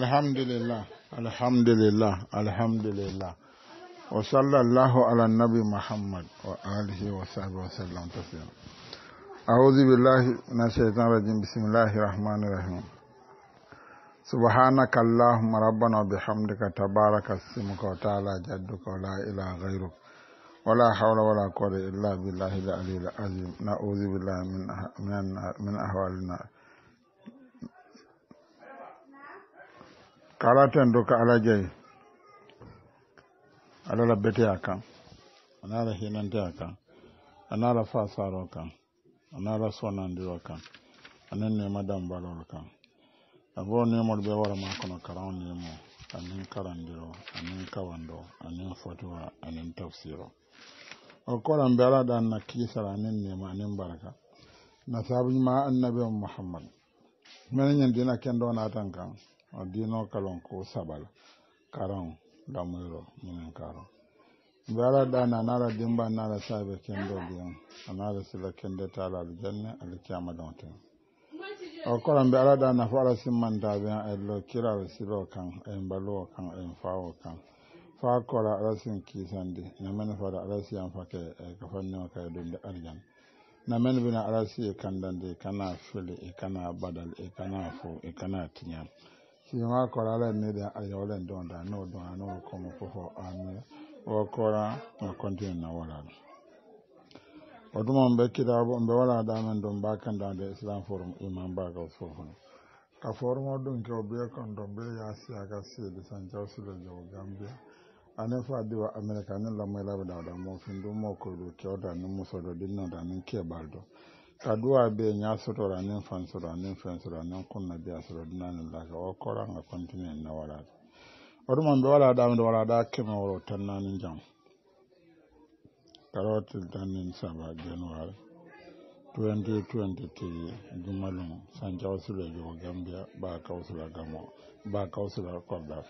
الحمد لله الحمد لله الحمد لله وصلى الله على النبي محمد وآله وصحبه وسلم tasira أعوذ بالله من الشيطان الرجيم بسم الله الرحمن الرحيم سبحانك اللهم ربنا وبحمدك تبارك اسمك وتعالى جدك ولا إله غيرك ولا حول ولا قوة إلا بالله العلي العظيم نعوذ بالله من من من أهوال kala ten do ka ala jeyi ala la beteya kan ana ala hinanteya kan ana ala fasaro kan ana ala sonandiro kan ani nema dambalol kan abo nemol ɓe warama kono karaw nemo anin karandiro anin kawando anin fotowa anin tafsiro o kolan ɓe ala ɗan na kiisara anin nema anin baraka nasabuñuma annabi o mouhammad mene ñandina ken ɗo kan o diino kalon ko sabal karon damuro minen karon bala ala ɗana ana dimba nara sabe kendo biyan anara sila kende taala aljanna alkiyama ɗonten o kono be ala ɗana fo ala simmantaɓe an ello kiraro silo kan en balo kan en fawo kan fa kola ala sin kiisandi fa da ala an fake e ka fannio kaye ɗumde arjan namen bina ala si e kan dande kana fili e kana badal e kana fo e kana tiñal siŋa kɔra ala ne da a yɔrɔ lɛn dɔn da n'o dɔn a n'o kɔmɔ ko fɔ a mɛ o a na wala la o duma n bɛ kira n bɛ wala da min dɔn n b'a kan da de islam forum imam b'a ka so kɔnɔ ka fɔrɔmɔ dun kɛ o bɛɛ kan dɔn bɛɛ y'a si a ka se de san jaw si gambia ani fa di wa amerika ni lamɔ bɛ da o da mɔfin dun mɔ ko do da ni muso dɔ di nɔ da ni kɛ b'a dɔn kaduwa be ya sotora nin fansura nin fansura nin kunna biya sura duna nin laka o kora nga kontinu na wala da wadu man wala da wadu wala da kima wala tan na nin jam karoti tan nin saba januar 2023 jumalum sanja wasula yi wa gambia ba ka wasula gamo ba ka wasula kwabda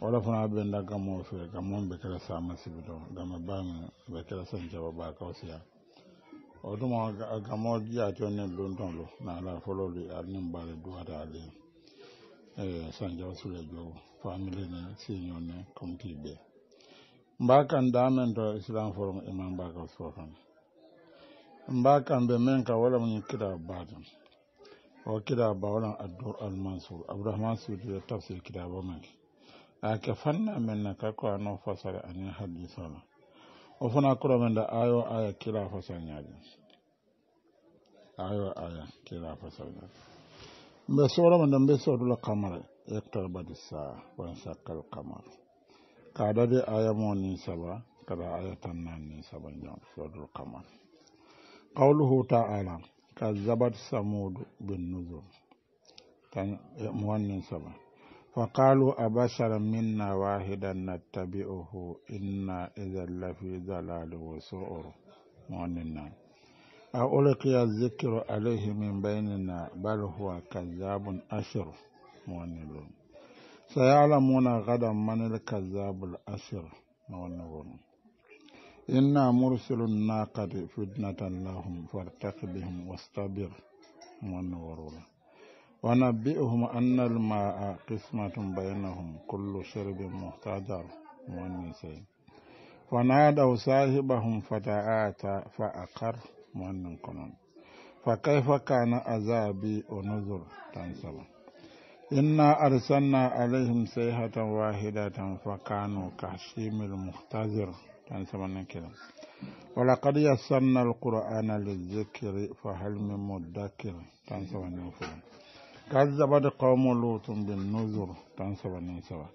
wala fana be nda gamo fe gamo be kala sama sibido gamo ba mi be kala sanja ba ka wasula gamo o tuma gamo jiya ke ne don ton lo na ala folo le ani mbale duwata ale eh sanja sule jo family ne sinyo ne komti be mbakan damen to islam forum imam mbaka sofan mbakan be men ka wala mun kida badan o kida bawalan addur al mansur abdurrahman sudi da tafsir kida ba mai a ka fanna men na ka ko no fasara anin hadisala o fana kuramen da ayo aya kila fasanyaji ayo aya kila fasanyaji mbe soromen da mbe sodula kamare badisa saa won sakkal kamaru kaadade aya mo ni saba kada aya tan nan eh, ni saba jam sodul kamaru qawluhu ta'ala kazabat samud bin nuzur tan mo ni saba وقالوا أبشرا منا واحدا نتبعه إنا إذا لفي ضلال وسعر مؤمنا أولقي الذكر عليه من بيننا بل هو كذاب أشر مؤمنا سيعلمون غدا من الكذاب الأشر مؤمنا إنا مرسل الناقة فتنة لهم فارتقبهم واصطبر مؤمنا ونبئهم أن الماء قسمة بينهم كل شرب محتجر مؤنسين فنادوا صاحبهم فتعاتى فأقر مؤمن فكيف كان عذابي ونذر تنسب إنا أرسلنا عليهم سيحة واحدة فكانوا كهشيم المختزر تنسب النكرة ولقد يسرنا القرآن للذكر فهل من مدكر تنسب النكرة كذبت قوم لوط بالنذر تنسب نسبا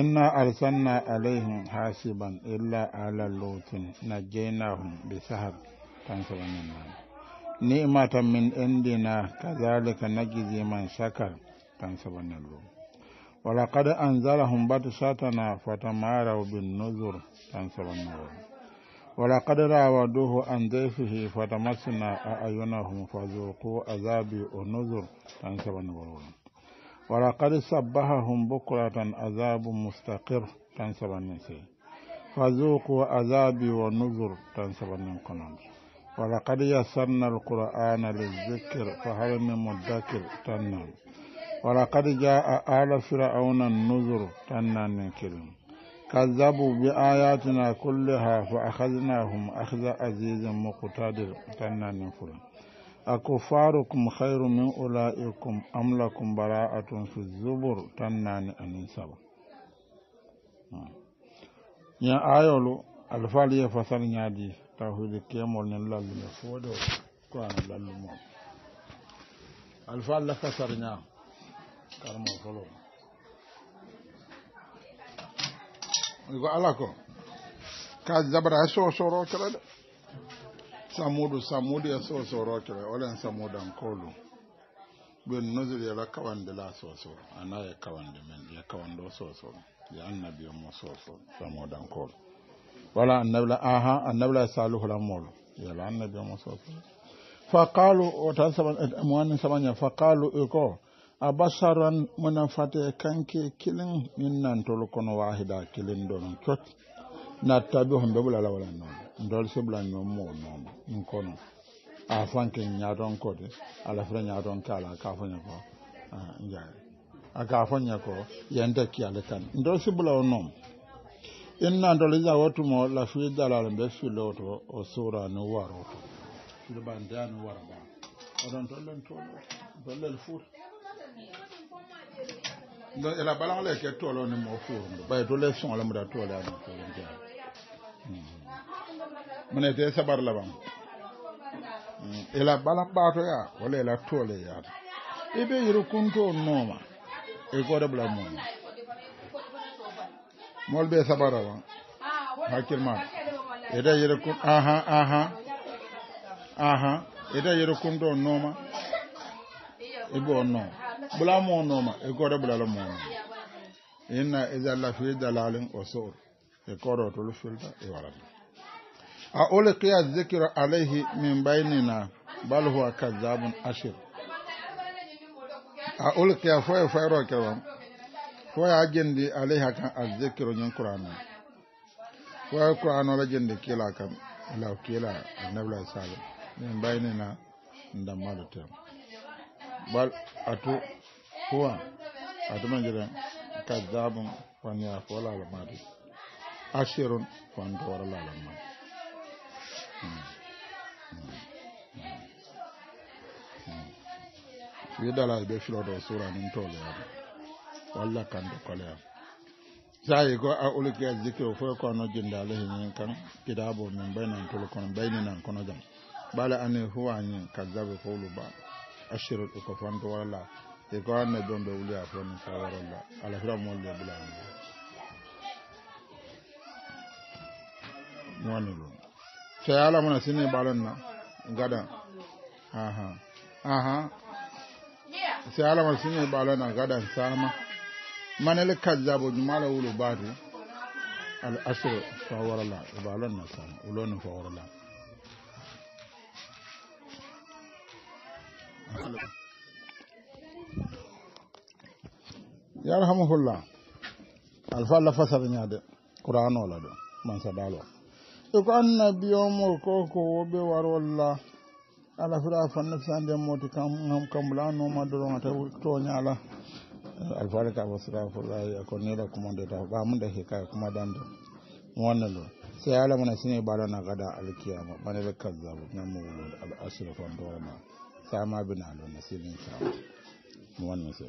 إنا أرسلنا عليهم حاسبا إلا آل لوط نجيناهم بسهر تنسب نسبا نعمة من عندنا كذلك نجزي من شكر تنسب نسبا ولقد أنزلهم بطشتنا فتماروا بالنذر تنسب نسبا wala kadara wa duhu an zai fi fata masu na a ayyuna hun fazo ko a zabi o nuzur ta nsa wani warwara wala kadu sabba ha hun mustaƙir ta nsa wani nse fazo ko a zabi wa nuzur ta nsa wani kanon wala ya sannar kura da zikir fa har mu dakir ta nan wala ja a ala fira aunan nuzur ta nan كذبوا بآياتنا كلها فأخذناهم أخذ عزيز مقتدر كنا نفر أكفاركم خير من أولئكم أم لكم براءة في الزبر تنان أنسبا يا آيول الفالية فصل نادي tawhidi كيم ولن lallude fooɗo ko ana lallu الفالة فصل نادي kasar ñaam ko ala ko ka zabara so so ro kala da samudu samudu ya so ro kala ola wala samudan kolu ben nozir ya kawande la so so ana ya kawan kawande men ya kawan kawando so so ya annabi mo so so samudan kolu wala annabla aha annabla la saluhu la molo ya la annabi mo so so fa qalu o tan saban eh, amwan fa qalu iko abasaran muna fata kanke kilin min nan tol kono wahida kilin don kyot na tabi hon be bula wala non ndol se bula nyom mo non in kono a fanke nyaton ko ala fra nyaton kala ka fanya ko ah, a ka fanya ko yanda ki ala kan ndol se bula non in nan dol ya watu mo la fi dalal be filoto o sura no waro do ban dan ba odon tolen tolo tollon fur la balance hmm. hmm. la ba sabar la ila balan ba ya wala ila tolo ya ibe yiru kunto noma e ko da bla be sabara wa hakil ma ida yiru kun aha aha aha ida yiru kunto noma ibo noma bula mo noma e kore bula lo mo inna iza la fi dalalin usur e koro to lu filta e wala a ole qiya dhikru alayhi min bainina bal huwa kadhabun ashir a ole qiya fo fo ro wa fo ya jendi alayha kan azzikru nyin qur'ana fo qur'ana la jendi kila kan la kila annabi sallallahu min bainina ndamalo tem bal atu huwa adama jira kadabun wanya ko lalama de ashirun wan dora lalama hmm. hmm. hmm. yidala be filo da sura nin tole yado walla kando kole yado zayi go a uluki a zikiro fo da jindale hinin kan kidabo min bainan tul kono nan kono jan bala ane huwa yin kazabe ko ba ashirin uko fanto wala e ko anne ɗon ɓe wuli a foni sawaralla alahira molle bulani wani ɗum so ala mona sini ɓalon na gaɗa aha aha so ala mona sini ɓalon a gaɗan sama manele kajjabo jumala wulu baatu al asre fawarala e ɓalon na sama wuloni fawarala Hello. yarhamuhullah alfa la nya ñaade qur'ano la ɗo mansa dalo e ko annabiyomo ko ko woɓe warolla ala fira fanna sande moti kam kam kambula noma doronga taw toñala alfaala a wasirafullahi ko kuma da ta ɓamuda kai kuma dande wannan lo sai ya lamana shi ne bala na gada alkiyama bane da kazzabu na mawulud al'asirafan dorama sama bin alwana silin sha wannan sai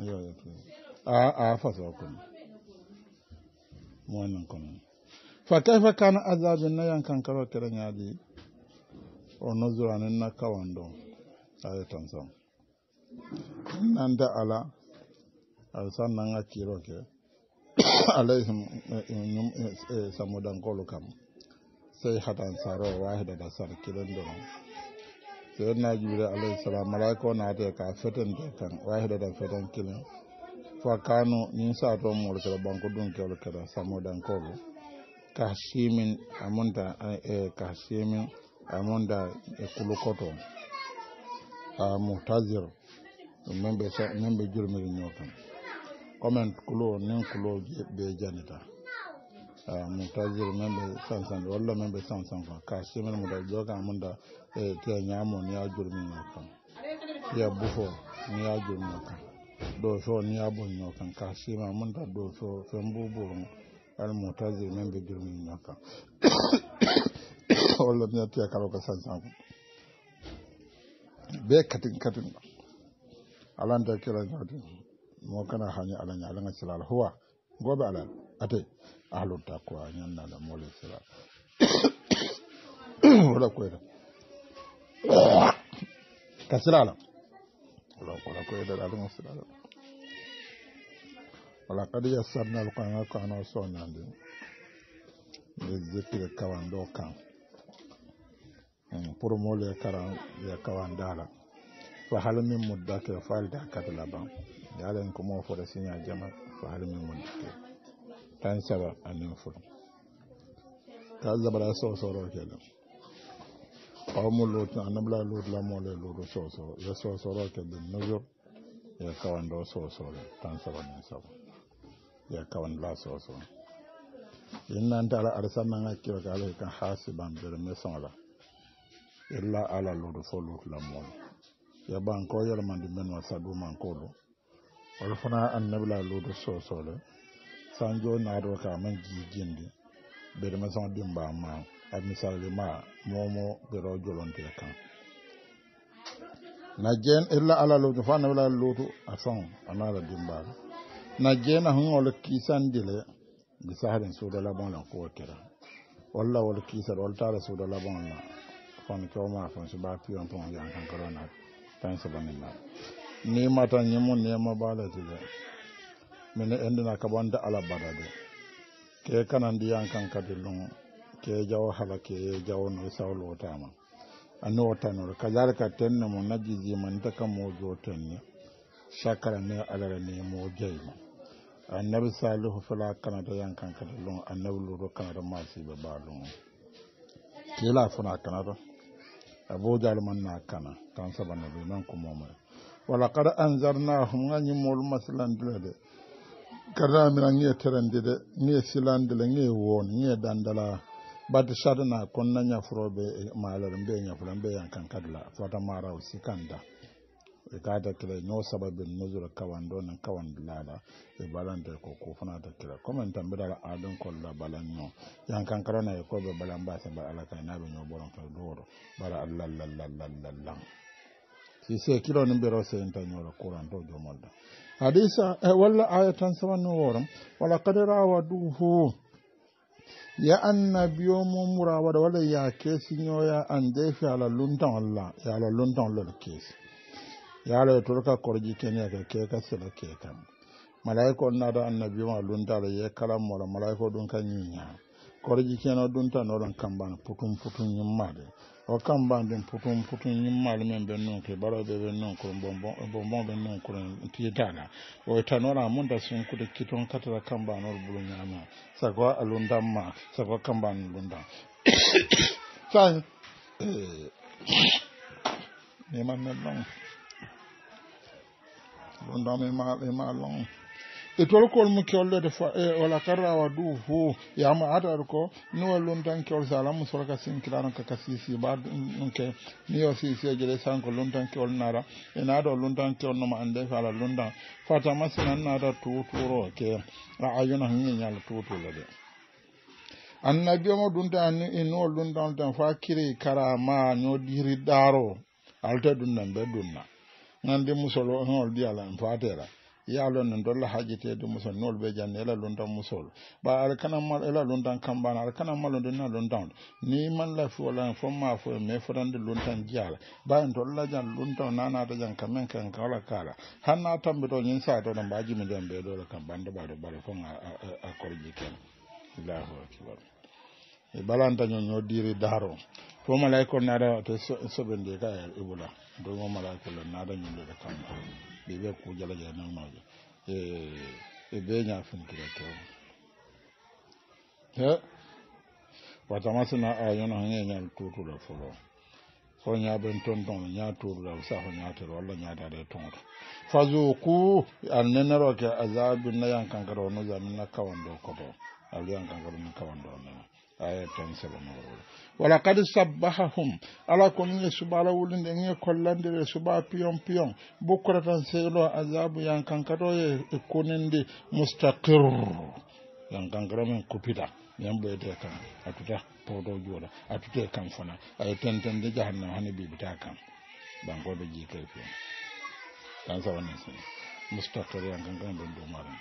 a a fasuwa kuma wannan kuma fa kaifa kan azabin na yankan karo kiran yadi ono zuranin na kawando nan da ala a kiro ke alaihim eh, eh, eh, samudan kam sai wahida da sarkirin sayyidina jibril alayhi salam malaikawo ta ka fetente kan wahidatan feten kilin fa nin ka simin amunta eh, ka simin amunta eh, kulukoto a muhtazir min be julmiri ñoo kan comme kulo nin kulo be janita mu tajir men san sansan walla men san sansan fa ka da joga mun da e te ñamo ni ya jurmino kan ya bufo ni ya jurmino kan do so ni ya bonño kan ka mun da do so fen bu al mu tajir men ɓe jurmino kan walla ni tiya kala ka sansan san be katin katin alanta kiran katin mo kana hani alanya alanga silal huwa gobe alal ate ahlu taqwa ñanna la moolu sira wala koyta ka sira la wala wala koyta alama sira la wala kad yassarna alqur'ana kano soñandi ɓe zettire kawanɗo kan hmm, pour moolu ye karan ye kawandala fa hal min muddake fa aldakate laban yaalen ko mo fota signa jama fa hal min muddake tan saba anin furu ta zabara sau sauro kenan qawmu lut annabla lut la mole lut so so ya so so ro ke din nazar ya kawan do so so tan saba ne saba ya kawan la so so inna tara arsalna ngakiro ka ale kan hasiban bir mesala illa ala lut fo lut la mole ya ban ko yar man di men wa sabu man ko wani fana annabla lut so so le sanjo do ka man jindi ɓeɗe ma sama ɗimba ma a misalde ma momo ɓeɗo jolonte kan na jen illa e ala lutu fa nawla lutu a son anala dimbaɗo na jeena hongol kisandile ndi sahaɗen suuda labon lan kowotira walla wol wal ta tara suuda labon la fon kewma fon ba piyon pon yan kankarona tan Ni nima tan ñimu nema ɓalatide mene endina ka bonde ala badade ke kanandiyan kan kadilun ke jawo hala ke jawo no sawlo tama anno wotanore kajarika tenne mo man ta kam mojo tenne shakara ne alara ne mo jeyma annabi salihu fala da yan kan kadi lum annabi luto kanata ke la funa fona kanata abojal man na kana kan sabana nabi man ko wala qad anzarnahum gañimmolu masilandila de karda mina ngiye terendide ngiye silandile ngiye won ngiye dandala bati sadana konna ñafuro ɓe eh, malere mbe ñafula mbe yankan kadla fota mara usi kanda e kada kila no sababin nuzura kawando nan kawandu lala e balanta ko ko fana ta kila comment tan bidala adon ko la balan no yan kan karana e ko be balan ba sa ba ala na be no boron to doro bara allah la la la si se kilo ni ro se en tan yoro kuran to jomolda hadisa eh, walla aya tan samanno woram wala kad rawaduhu ya annabiyo mumura waɗa wala ya kesi nyoya ande fi ala luntaolla ya ala luntaollol kesi ya ala turka korji kenya tolka ke keneyaka keeka sela keekam malayika on naata annabiyo ma luntaala ye kalam malayika malaiko dun kan nyinya korji keno ɗum tanoɗon kamban putum putum ñimmade o kam banɗen putum putum yimmal men ɓen nonkoye ɓaroɓe ɓen nonkon bonbon ɓen nonkon tiyitaɗa o tanora munda sunkude kiton katata kambanol bulu ñama sago alundamma sago kambano lundam sa neman men long lundam ema ema long e tolkol mu kewollede wala e, karrawa du fo yamo atata ko ni tan ala mu sorka sinkilano kaka sisi ba ɗum nara ande ala lumtan fatama tuturo ke a ayuna ñiñala tutule de annabi tan e tan fa karama alta musolo hol fatera yaalon ne dolla hajiteede musol nool ɓe janne ela lundan musol ɓa ala kana mal ela lundan kambana ala kana malo nde na lundan ni man la lafi wala fo ma fo me fotande lundan jiyala ɓawi dolla jan lundan nanata jan kamen ken kala kala hanna tambe ɗo ñin sato ɗo mbajimi ɗen ɓe ɗole kam bande ɓaɗo ɓala fon a korji ken allahu akibar e ɓalantaño ñoddiri daaro fo malaykol naɗa te soɓende ka e ibula domo malaykol naɗa ñundede kamma ɓe ɓe kujala jala namajo e nya fun funkira to he wa watamasina ayona heñeñal tutula folo fo nya ben ton ton nya nya sa ho nya turula saho ton walla fa zu ku an ne na neneroke azabi nayan kankara no zamin na kawando kawanɗo koto aliyan kankara na kawando na aya tan sabanowol walakad sabbahahum ala ko ni subala wulinde ni kollandire suba piyon piyon bukkura tan seylo azabu yankankato e kuninde mustaqir yankankara men kupita yamɓoyete kan atuta powdo jooɗa atute kan fona aye tentende jahannam hani bibita kan bankoɓe jiitoy fiyon tan sabanen sen mustaqir yankankara ɓen dumaran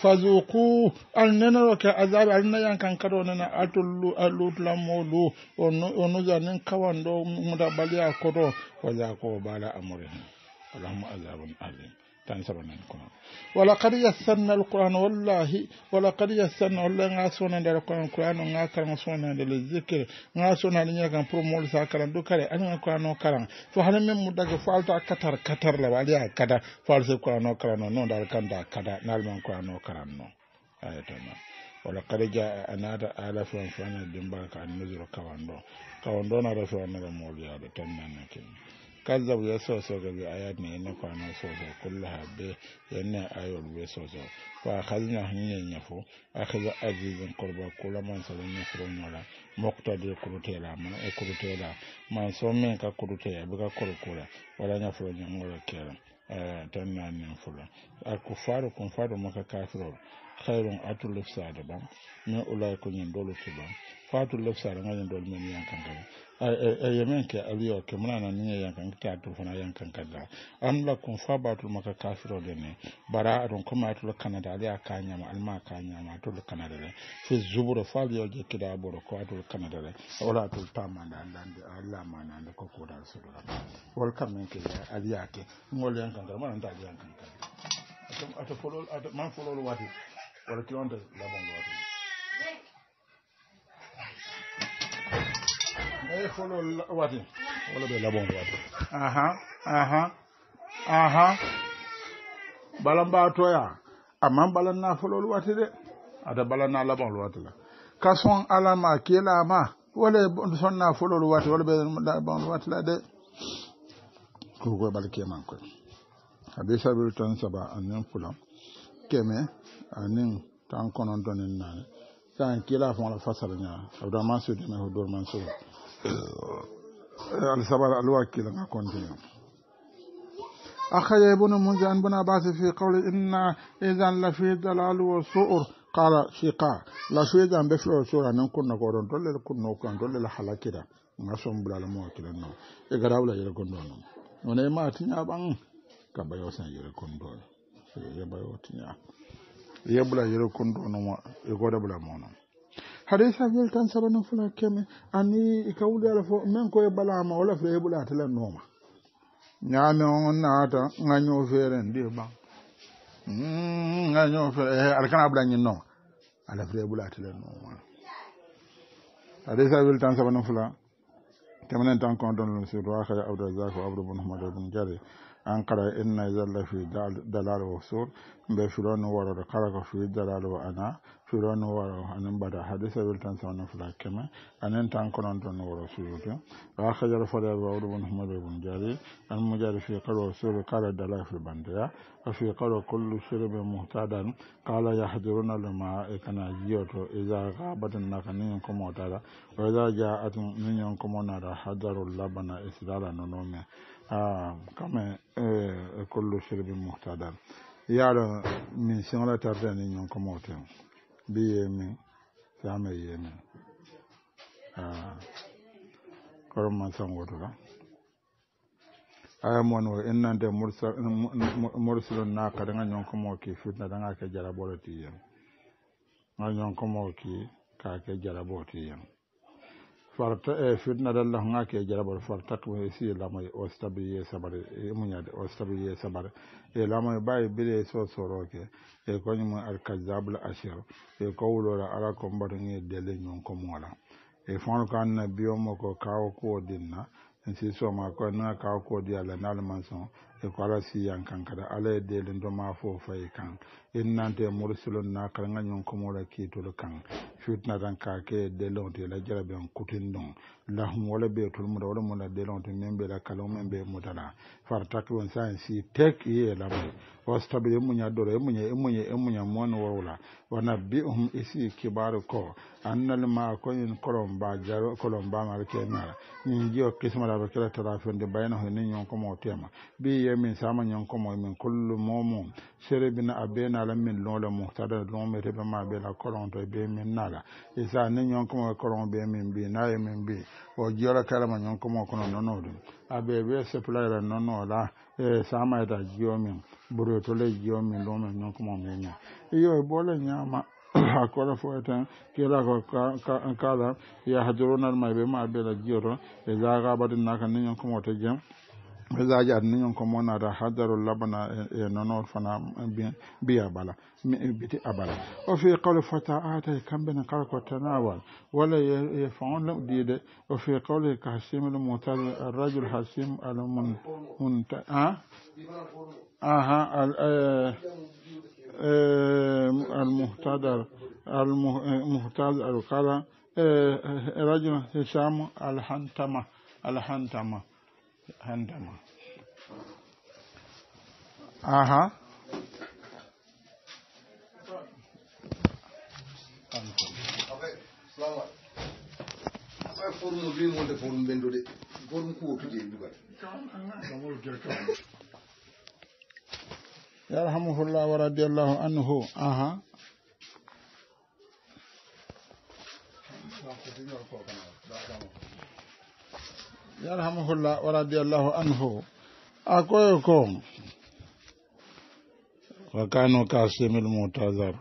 fazuku alnenero ke azabe alna yankan kado nana atullu alutla molu onu zanin kawando mudabali akodo wala ko bala amrin allahumma azabun azim tansabanan kuran walakad yassanna alquran wallahi walakad yassanna walla ga sonande ala quran qurano ga karan sonande le zicre ga sonande ñira kan pour sa karan du kare aniga qurano karan fo hana men mu daga fo katar katar la aliya kada fo alse qurano karano non dal kanda kada nalman qurano karanno ayatoma walakad jaa anata ala fana tan kazzab ya so ga bi ayat ne na kwana so kullu habbe yanne ayol be so ko khazna hinne nyafo akhadha azizan qurba kula man salon ne furo mola mokta de kurutela man e kurutela man so men ka kurutela be ka kurukula wala nyafo nyangola kera eh, tan na ne furo akufaru kun faru maka kafiro khairun da sadaban min ulai kun dolu tuban fatu lefsare ngañen dol men yankankade eye men ke aliyo ke munana niŋe yankan taatu fana da an la kun fa batul maka kafiro de ne bara aɗon comme atula kanada ali a ka ñama alma ka ñama atul kanada le fi zuburu fa aliyo je kida boro ko atul kanada le wala dan atul tamande allande allamanande ko kuuɗal suɗora wol kam men ke aliya ke ngol yankankada mananta ali yankankadda ato folol man folol wati wala ki la bon wati e eh, folo wati wala wati aha aha aha balan mbatoya amman balan na folol wati de ada balan na laɓon wati la ka son alama kelama wala son na folol wati wala ɓe laɓon wati la de kokoy ɓal keman koy aɓe sabiri tan saba anin fulan keme anin tan konontonin nane san kila fon la fasala ña abdourahman sudi ma ko dorman yàlla sabar al wàkki la nga continuer akxaye bu nu munse an bu na baase fi xawle inna isan la fi dalal wa suur qala shiqa la fi dan be fo sura nan kun na la halakira nga som bla la mo akira no e ma tinya bang ka bayo san yele kon do ye bayo tinya ye da bla mo hadisa fel tan sabani fula keme ani kawuliyala fo min bala ma wala fula heɓulatala nooma ñaame on naata gaño feere ndi ɓan mm, gaño feere e eh, aɗa kana ɓulañin nooma ala fula heɓulatala nooma hadisa fel tan sabani fula kemenen tan kontonlo surtout akaya abdourazak o abdou bon hamad bun jari an ankara inna zalla fi dalal wa sur mbe filoni warode kala ko fi dalal wa ana sura no waro anin bada hadisa wiltan sawna fula keme anin tan kononton woro suyuto wa khajar fada ba wudu bun humad bun jari an mujari fi qaro sura qara dala fi bandaya wa fi qaro kullu shirbi muhtadan qala yahduruna lama kana jiyoto idza ghabatun nakanin ko motara wa idza ja'atun min yankum nara hadarul labana isdala nonome ah kame kullu shirbi muhtadan yaro min sinala tartani nyon ko motara bi ye min sama ye min karon man san wotula aya mon wo in nante na ka kada nga ñon komo ki nga kɛ jarabɔ jarabolo ti yen nga ñon kɔmɔ ki ka kɛ jarabɔ ti yen farta e fitna fitnata lahga ke jarabar farta fartakme si lamoy o stabi ye sabare eh, muñade o stabi ye sabare e eh, la lamoy bawi bire so soro ke e ko koñumu alkazable ashir e ko wulora ala ko de le ñon ko mola e fono ko anna biyomo ko kawo ko dinna en si so ma ko na kawo ko di allah naalman son e ko ala siyan kan kada ala ya e delen do ma fo fayi e kan in nante mursulun na kar nga nyon ko mola kitol kan fitna dan ka ke delon te la jarabe en kutin don lahum wala be tul mu wala mo la delon min membe la kalon membe mutala far takwon san si tek ye la wastabile munya dore munya munya munya mon wawla wana um isi kibaru ko annal ma ko in ba jaro kolomba mar kenara ni jiyo kisma la ba tarafende bayna ho ni nyon ko mo tema bi ye min sama ñon komo min kullu momo sere bina a be nala min mu le muhtada lon mi rebe ma be la kolonto be min nala isa ni ñon komo e kolon be min bi na ye min bi o jiyora ma ñon komo kono nono ɗum abe be seplayra nono la e sama eta jiyo min buru ɓurotole jiyo min lon min ñon komo min ña iyo e bole ñama hakkore fo eten kila ko kala yahduruna almayɓe ma ɓe la jiyoto e jagabadi naka ni ñon komo to jeem fesaji aduna ñon ko monata hadarol labana e nono fana mbiya bala biti abala o fi qawle fata atay kamɓene kala ko tanawal walla ye faon lamɗide o fi qawle ka hasimel mutal rajul hasim almun munta a aha المهتدر المهتدر قال رجل هشام الحنتمه الحنتمه Handama. Uh huh. yarhamuhullah wa radiallahu anhu aha Thank you. yarhamuhulla wa radiyallahu anhu a koyo ko wa kano kasim al-mutazar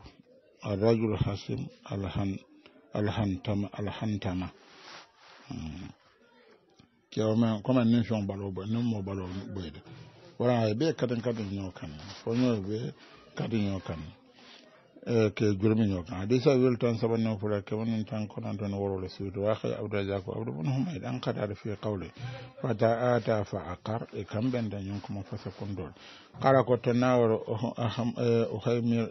Eh, ke jurmiño kan hadisa wel tan fura ke kewanin tan ko konanton worole suudu waxe abdourajak abdou bon humayd an kadar fi qawle fata ata fa aqar e kam ben dan kamɓen dañon komo fasa kondol qara ko tan nawro to naworo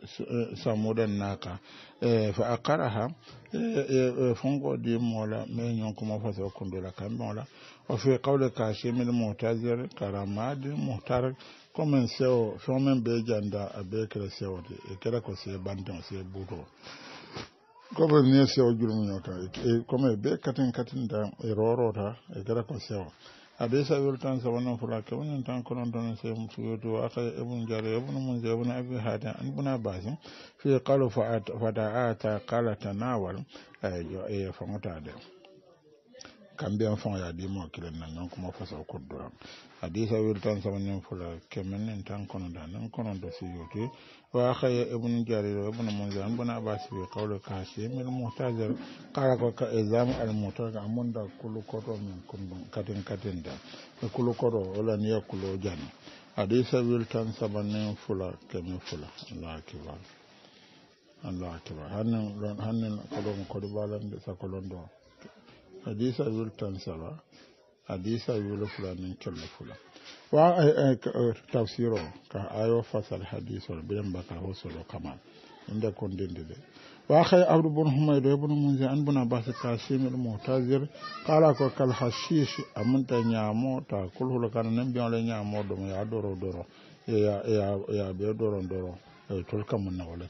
sa modan naka e fa aqaraha e fongo di mola me mais ñon komo fasa kondola kam mola o fi qawli ka qawle kasimil moutasir karamadi moutar komin sewo fɛn min bɛ janda a bɛɛ kɛra sewo de e kɛra ko se bantan se buto komi ni ye sewo juru min yɔrɔ kan e, e komi bɛɛ katin katin da e yɔrɔ ta e kɛra ko sewo a bɛ sa yɔrɔ tan sabanan fura kɛmɛ ni tan kɔnɔntɔn ni se muso yɔrɔ to a ka ebun jara bun mun jɛ ebun abi hada ani buna baasi fi kalo fada a ta kala ta n'a wari a ye jɔ e ye fanga t'a dɛ kambiyan faŋo ya di diimoo kiliŋ na ñoŋ kuma fasoo kod doroŋ hadisa wil tan sama niŋ fula keme niŋ tan kono kono da nan kononta niŋ kononto ke wa khaya ibn jarir wa ibnu munzir ibnu abbas bi qawli kasim al muhtazir qala ko ka exam al amun da kulu koto min kundum katin katin da e kulu koro wala ni niya kulo jani hadisa wil tan sama niŋ fula keme fula allah akibar allah akibar hannin hannin kodon kodi da sakolon doo hadisa yol tan saba hadisa yol fula ni kelle fula wa eh, eh, eh, tafsir o ka ayo fasal hadisa o bilen baka ho solo kama inde kondinde de wa khay abdu bun humayd ibn munzi an buna bun abbas qasim al mu'tazir qala ko kal hashish amunta nyamo ta kulhul kan nan bion le nyamo do ya doro doro ya ya ya be doro doro tol kam na wala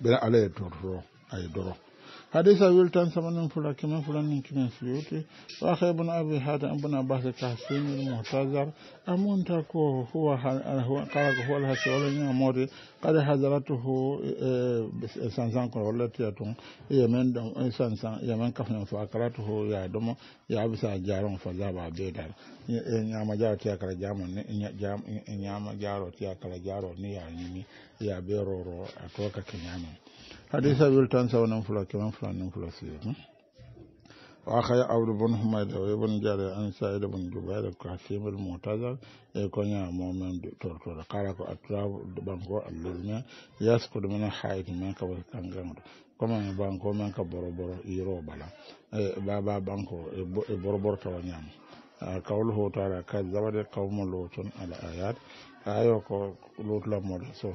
bila ala ya toro ay doro hadisa wiltan samanin fula kemen fulanin kimen suyuti wa akhay ibn abi hatim ibn abbas tahsin al muhtazar amunta ko huwa kala qala ko huwa al hasawla ni amodi qad hadaratuhu sansan ko wallati atun yemen dum sansan yemen kafna fa qaratuhu ya dum ya bisa jaron fa zaba bedar nyama jaro tiya kala jamon nyama jaro tiya kala jaro ni ya ni ya beroro atoka kinyama hadisa bil tan sa wannan fulo kaman fulanin fulo sai ya hmm? wa kha ya awru bun humay da wayun jare an sa'id bin jubair al-qasim al-mutaza e konya mu'min to to da kara ko da bango al-lazna yasqud min al-hayd ma ka wa tangam ko man bango man ka boroboro iro bala e baba bango e, e boroboro to nyam kaul ho ta ra ka zawad qawmul lutun al ko lut la mod so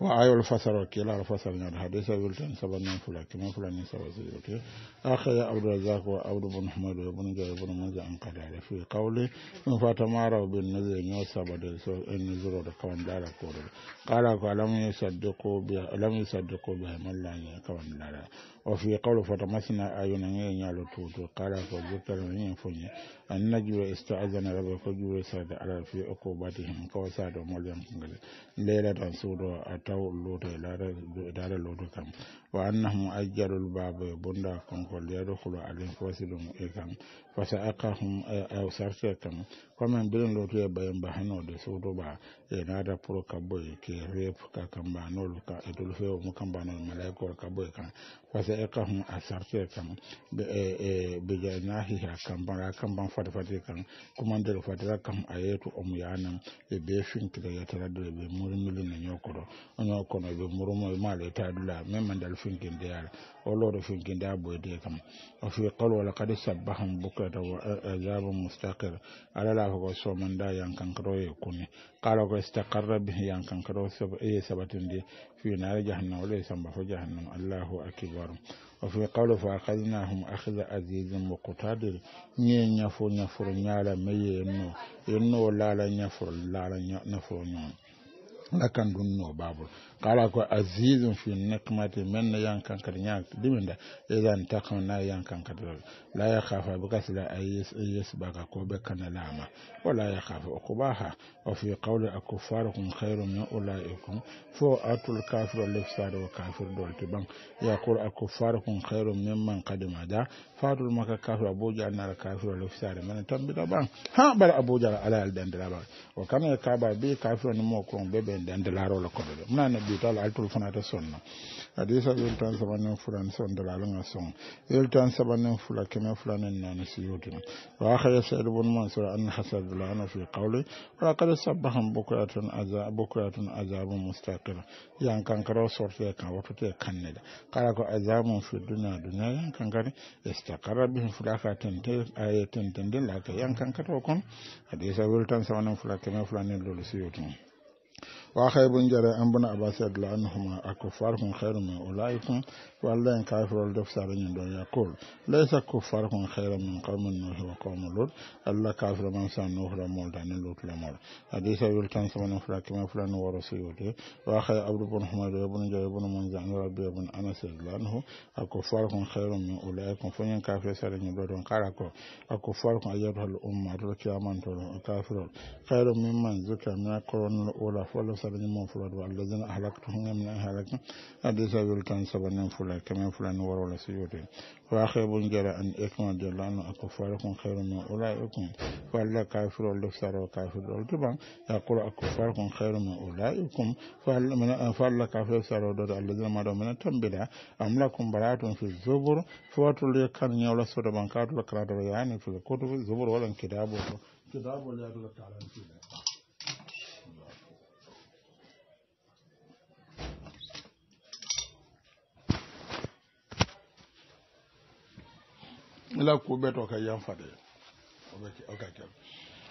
wa ayol fasaro kelal fasar ñoto hadisa wilten sabanan fula kima fulani saba sijoke akhaya abdourazak wa abdou bun hamad wa bun jawe bun maja an kadare fi qawli ɗum fatamaraw bin nazire ño sabade so en zurode kawan dara koɗol qala ko alam yusaddiqu bi alam yusaddiqu biha man la kawan dara وفي قول فتمسنا أعيننا ينالو توتو قال فجبت لنا فني النجو استعذن ربي فجور ساد على في عقوبتهم كوساد مولين كنغل ليلة سودو أتو لوت دار لوت كم وأنهم أجروا الباب بندا كنكو ليدخلوا عليهم فاسدهم إيكم فسأقهم أو سرسكم kwamen birin lotu ya bayan ba hannu da su ba ya na da furo kabo ya ke rep ka kan ba nolu ka idul fewa mukan ba nolu malaikawar kabo ya kan a sarfe kan bijanahiha kan bara kan ban fatfate kan kuma da fatara kan da da e, e be na yatara da be murmulu ne nyokoro onyo ma be murumo ta dula memma dal finkin alfin gindiyar ولور في الجناب ويديكم وفي قول ولقد سبهم بكرة وعذاب مستقر على لا هو من دا ينكن كرو يكون قالوا واستقر به ينكن كرو سبتن دي في نار جهنم وليس بفو جهنم الله أكبر وفي قول فأخذناهم أخذ عزيز مقتدر ني نفو نفر نالا مي ينو ينو لا نفر لا لا نفر نون لكن دون نو بابل kala ko azizum fi nakmati men na yan kan kada nyak diminda idan takan na yan kan kada la ya khafa bi kasla ayis ayis baka ko be kana lama wala ya khafa ha wa fi qawli akufarukum khairun min ulaikum fo atul kafir lil wa kafir dol bang ya qul akufarukum khairun mimman qadima da fadul maka kafir abuja na kafir lil fisad men tambida bang ha bar abuja ala al dandala ba wa kana ka bi kafir ni mo ko be be dandala ro ko be bital altol fanata sonna hadisa yol tan sabannen fulan son dalalunga son yol tan sabannen fula Nan fulanen nani siyotina wa akhara said bun mansur an hasad lana fi qawli wa qad sabbahum bukratun azab bukratun azabun mustaqir yan kankara sorte kan wato te kannida kala ko azabun fi dunya dunya yan kankare istaqara bihim fulaka tente ayatin tende la ka yan kankara kon hadisa yol tan sabannen fula keme fulanen lolu siyotina واخبنجر امبنا اباس اللہ ہوں اکوفر ہوں خیر میں الائف ہوں والله إن كافر الدف سارين دو يقول ليس كفاركم خيرا من قوم نوح وقوم لوط الله كافر من سان نوح رمول دان لوط لمول حديث يلتان سمن ما فلان ورسيوته وأخي عبد بن حمد وابن جاي بن منزع ربي بن أنس لأنه كفاركم خير من أولئكم فين كافر سارين دو دون كاراكو أكفاركم أيها الأمة ركيامان تولون كافر خير ممن ذكر من القرون الأولى فلو سارين مفرد والذين أهلكتهم من أهلكتهم حديث يلتان سمن فلاكما ولا كما فلان ورا ولا سيوتي وأخي بن جرى ان يكون جلان اكفاركم خير من أولئكم فألا كافر الكفار وكافر تبان يقول اكفاركم خير من أولئكم فألا كافر ودر الذين ما من التنبلا ام لكم برات في الزبر فواتوا كان يولا سورة بانكات لكرات يعني في الكتب الزبر ولا انكتاب كتاب ولا تعالى ila ku bɛ to ka yan fa de o bɛ kɛ o ka kɛ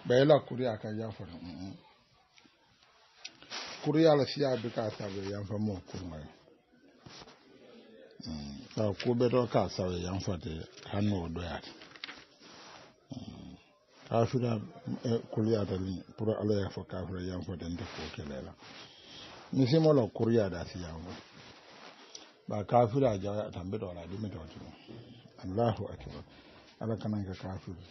bɛɛ ila kuriya ka yan fa de mm, mm. kuriya la siya bɛ k'a mm, ta bɛ yan fa mɔ kuruma ye ka ku bɛ to k'a sa bɛ yan fa de hali n'o dɔ y'a kɛ kafira eh, kuriya da ni pura ala y'a fɔ kafira yan fa de n tɛ k'o kɛlɛ la misima la kuriya da siya ba kafira ta tan bɛ dɔ la dimi dɔ tun allahu akbar ala kanan ka kafiri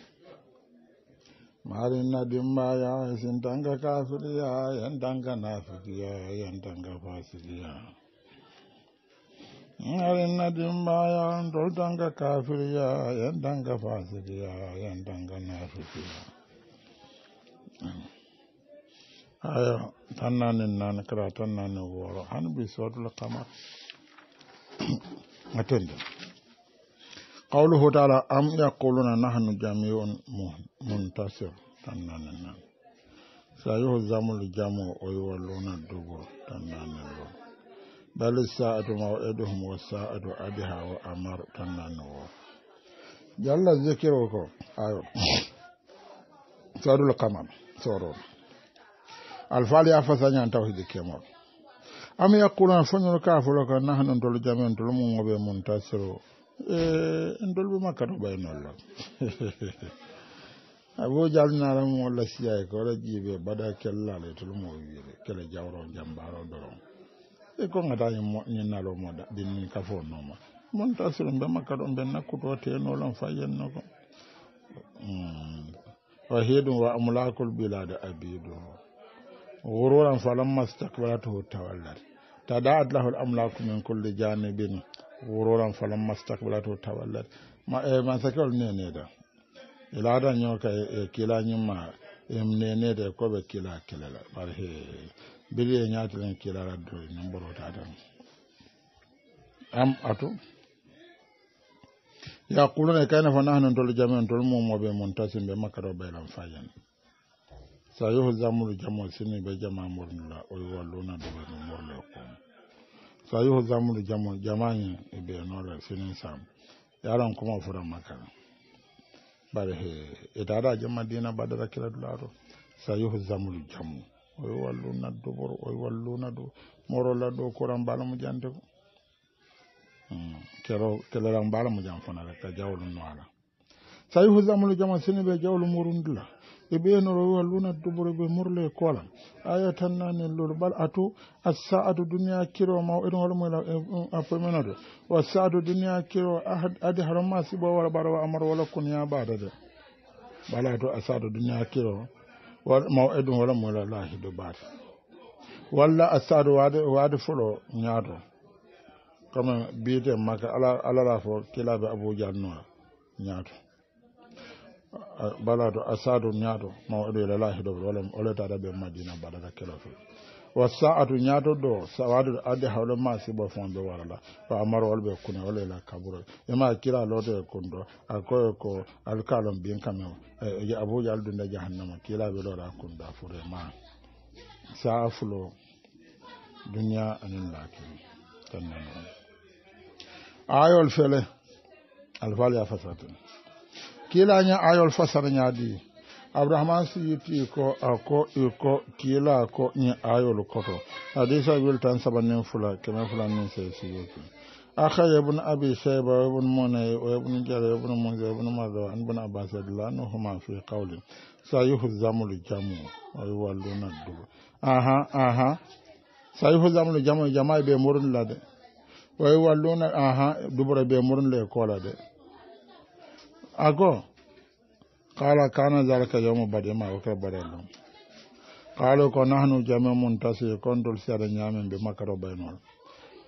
mari na din ma ya sin danga ya yan danga ya yan danga ya mari na din ma ya dol danga ya yan danga ya yan danga ya aya tannanin nan kara tannanin woro han bi sodul kamar atende قوله تعالى أم يقولون نحن جميع منتصر تناننا سيهزم الجمع ويولون الدبر تناننا بل الساعة موعدهم والساعة أدها وأمر تناننا جل ذكرك أيوة سورة القمر سورة الفالي أفسان ينتهي ذكرك أم يقولون فنيل كافر نحن نتلو جميع نتلو منتسر Eh, ndol dolɓe makka to ɓay noon lon abo jalnaram walla siyaye ko la jibe waɗa jiiɓe le kellale mo wiire kele jawro jambaro doro e ko ngata ni mo ni ni nalo mo da din ka fo no ma mon mm. ta tasiro ɓe makka do ben te no nakkuto fayen no ko wa heeɗum wa amulakol bilad abidu ghururan falamma stakbarat ho tawallat tada'at lahu al amlaku min kulli janibin wuroran falan mastakbilatu tawallat masakewol neneda ilada ñoo ka kila ñimma em nenede koɓe kila kelela par he biri e ñatilen kilara do nin ɓorotatan am atu yaquluna e kayne fo nahnu tol jamen tol mumoɓe mon tasimɓe makka ɗo ɓaylan fayen sa yohu zamulu jamo sinni ɓe jama mornula o walluna ɗoɓe no morle kom sayihu zamuru jamu jamani ibe nore sinin sam yaron kuma fura makara bare he eh, itara jama dina badara kila dularo sayihu zamuru jamu oy walluna do bor oy walluna do morola do koran mu jande hmm, ko kero ran keleran balamu jam fana rek jawlu no ala sayihu zamuru jamu sinin be jawlu murundula e ɓeeno rowiwa luna dubure ɓe murle kola aya tan nane lol bal atu asadu duniya kiro ma irin wal mu wa duniya kiro adi harama sibo wala amar wala bala to kiro wala lahi do walla wade wade fulo biite ala ala la fo kilabe abuja noa balaɗo asadu ñaato mawo e ɗo ila lahi ɗoɓ walla oletaɗa ɓe madina baɗata kelofe wa sa atu ñaato ɗo sawadude adde hawle ma sibo fon ɓe warala to amaro wala ɓe kune wala ila e kaburo ema kira loto e kon ɗo akoye ko alkalon bin kame e, abuja aldunde jahannama kilaɓe ɗoɗa kon ɗa fure ma sa a fulo duniya anin lakin tannanon ayol fele alfaliya fasatin kila nya ayol fasar nyadi abrahaman si yiti ko ako iko kila ako nya ayol koto hadisa wil tan aha ago kala kana zalika yawmu badima o kere baɗen ɗum qaalo ko nahnu jami mun tasi kontol seeɗa ñamin ɓe makkaro baynol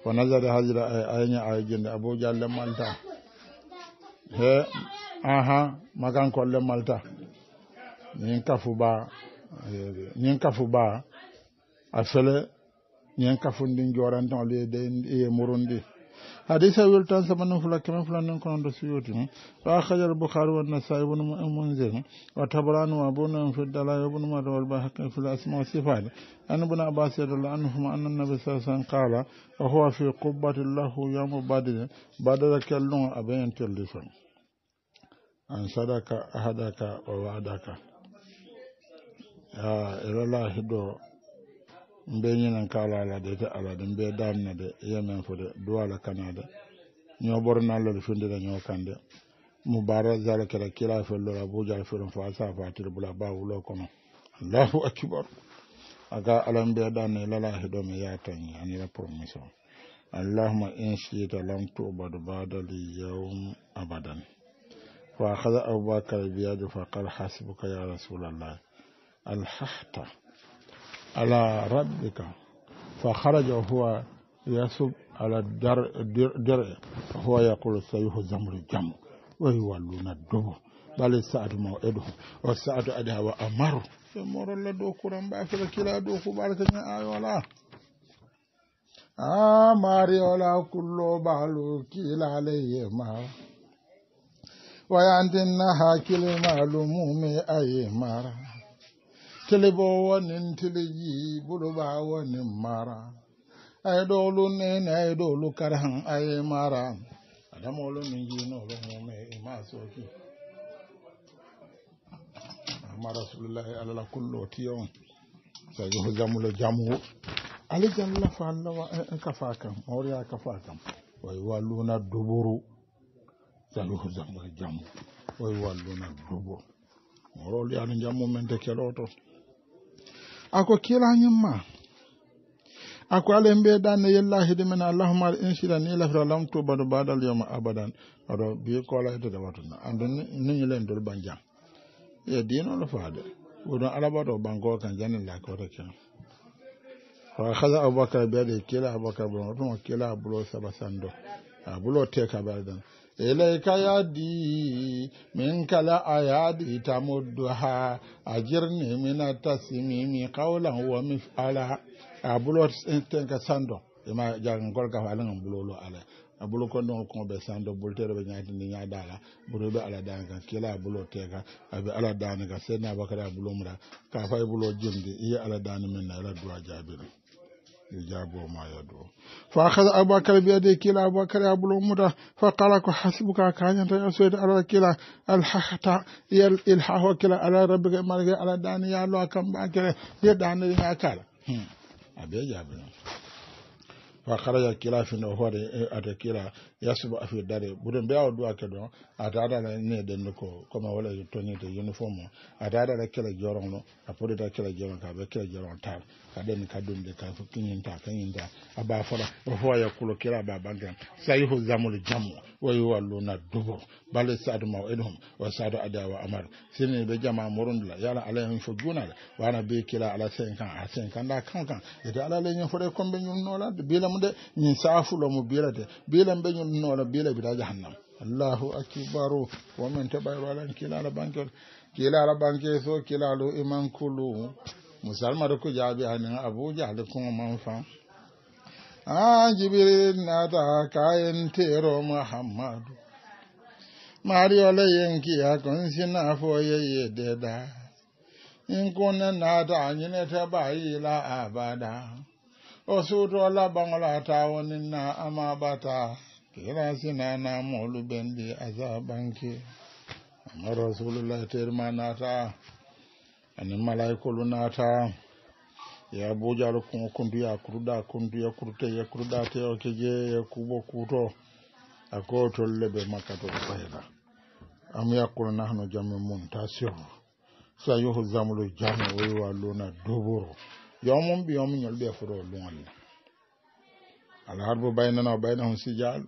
ko nasade hajira ay ayña ayjinde aboudialle malta he aha makankolle malta ñin kafu ba ñin eh, kafu ba a fele ñin kafundin jorantao liye eh, murundi حديث أول تان سبنا فلا كم فلان عند سيوتي وأخرج البخاري والنسائي بن منذر وتبران وابن في الدلاء بن مرة والبهقي في الأسماء والصفات أن ابن عباس رضي الله عنهما أن النبي صلى الله عليه وسلم قال وهو في قبة الله يوم بدر بدر كلهم أبين تلفون أن صدق أحدك ووعدك يا إلى الله mbe ñinen kala ala de te ala de mbe damne de yemen fo de duwala kanade ño ɓornallol findira ño kande mo bara zala kala kila fe lora abujal feron fo asa fatir bula bawulo kono allahu akbar aga alam mbe ɗanne lalahi ɗo mi yatani anira promission allahuma in shita lam tubadu badali yawm abadan fa akhada abubakar biyadu fa qal hasbuka ya rasulallah alhahta على ربك فخرج هو يسب على الدرع فهو يقول سيهزم الجمع ويولون الدبر بل الساعة موعده والساعة أدها وأمر يمر الله دوكو رمبا فلكلا دوكو بارك من آه، آي ولا آمر آه، ولا كل بالو كلا عليه ما ويعندنا هاكل معلوم أي مرة kelebowonin tiliji buɗubawonin mara ai dolu nene ai dolu karhan ai mara adam olu min ji no lo mo me ima e soki amma rasulullahi alala kullo tiyon sai go jamu lo jamu ali jalla fa alla wa eh, eh, kafa kan mawri ya kafa kan wai waluna duburu sai go jamu jamu wai waluna duburu moro li an jamu men te keloto ako kilañin ma ako alen mbiyeɗa ne yella hide men allahuma al insida ni lafira lam tubado badal yoma abadan aɗo biye kolaytede watuna ando niñilen dol ban jam e dinolo faade woɗon alabato banko kan janilla koto ken fa haga aboubacar biyaɗe kila aboubacar bulo tuma kila bulo saba sando a bulo tekaɓe إليك يدي منك لأيادي تمدها أجرني من التسميم قولا ومفعلا أبلوت إنتنك ساندو إما جاكن قولك فعلن بلولو عليه abulo ko ko be sando bultere be nyaati ni nya dala buru be ala dan kan kila abulo te ka ala dan ka sena bakara abulo mura ka fay bulo jindi ala min na يجابوا ما يدعو فأخذ أبا بكر بيده كلا أبا بكر أبو المدى فقال حسبك كان يا سيد على كلا الحقت كلا على ربك على داني يا الله كم أبي جابنا afi dare budun be awo duwa kedo ata ada la ne den kaɗen de ka fukin yinta kan yinta aba fara fo ya kulo kira ba bangan sai hu zamul jamu wayu yuwalluna dubur bal ma mawidhum wa sadu adawa amar sinin be jama morundula yala alayhi hen fo junala wana be kila ala sen kan a sen kan da kan kan ete ala le ñen fode kombe ñun nola bila mu de ñin lo mu bila de bila ɓe ñun nola bila bita jahannam allahu akbar wa man teɓayro alan kila ala banke kila ala banke so kila kilalo iman kulu musalmato ko jaaɓe hanin abou jahle kuŋo man faŋ ah, a jibril nata kayen tero muhammadu mariole yenkiya kon sina fo ye ye deda in kunne nata ñinete bayila abada o sutola baŋolata woninna ama bata kira sina na molu bendi azabanke ama rasulullah terima nata anin malaikolu naata ya bojalu kuŋo kundu ya kuruɗa kundu ya kurute ya kuruɗa te o keje ya kuɓo kuuto ako tolle ɓe makka to ɗo fayla am yakkulu nahno jamin mum ta sihu sa yohu zamulu jami woyiwa luna doboro yomum ɓi yomu ñol ɓe foto luŋolle alharbu baynana o baynahum sijal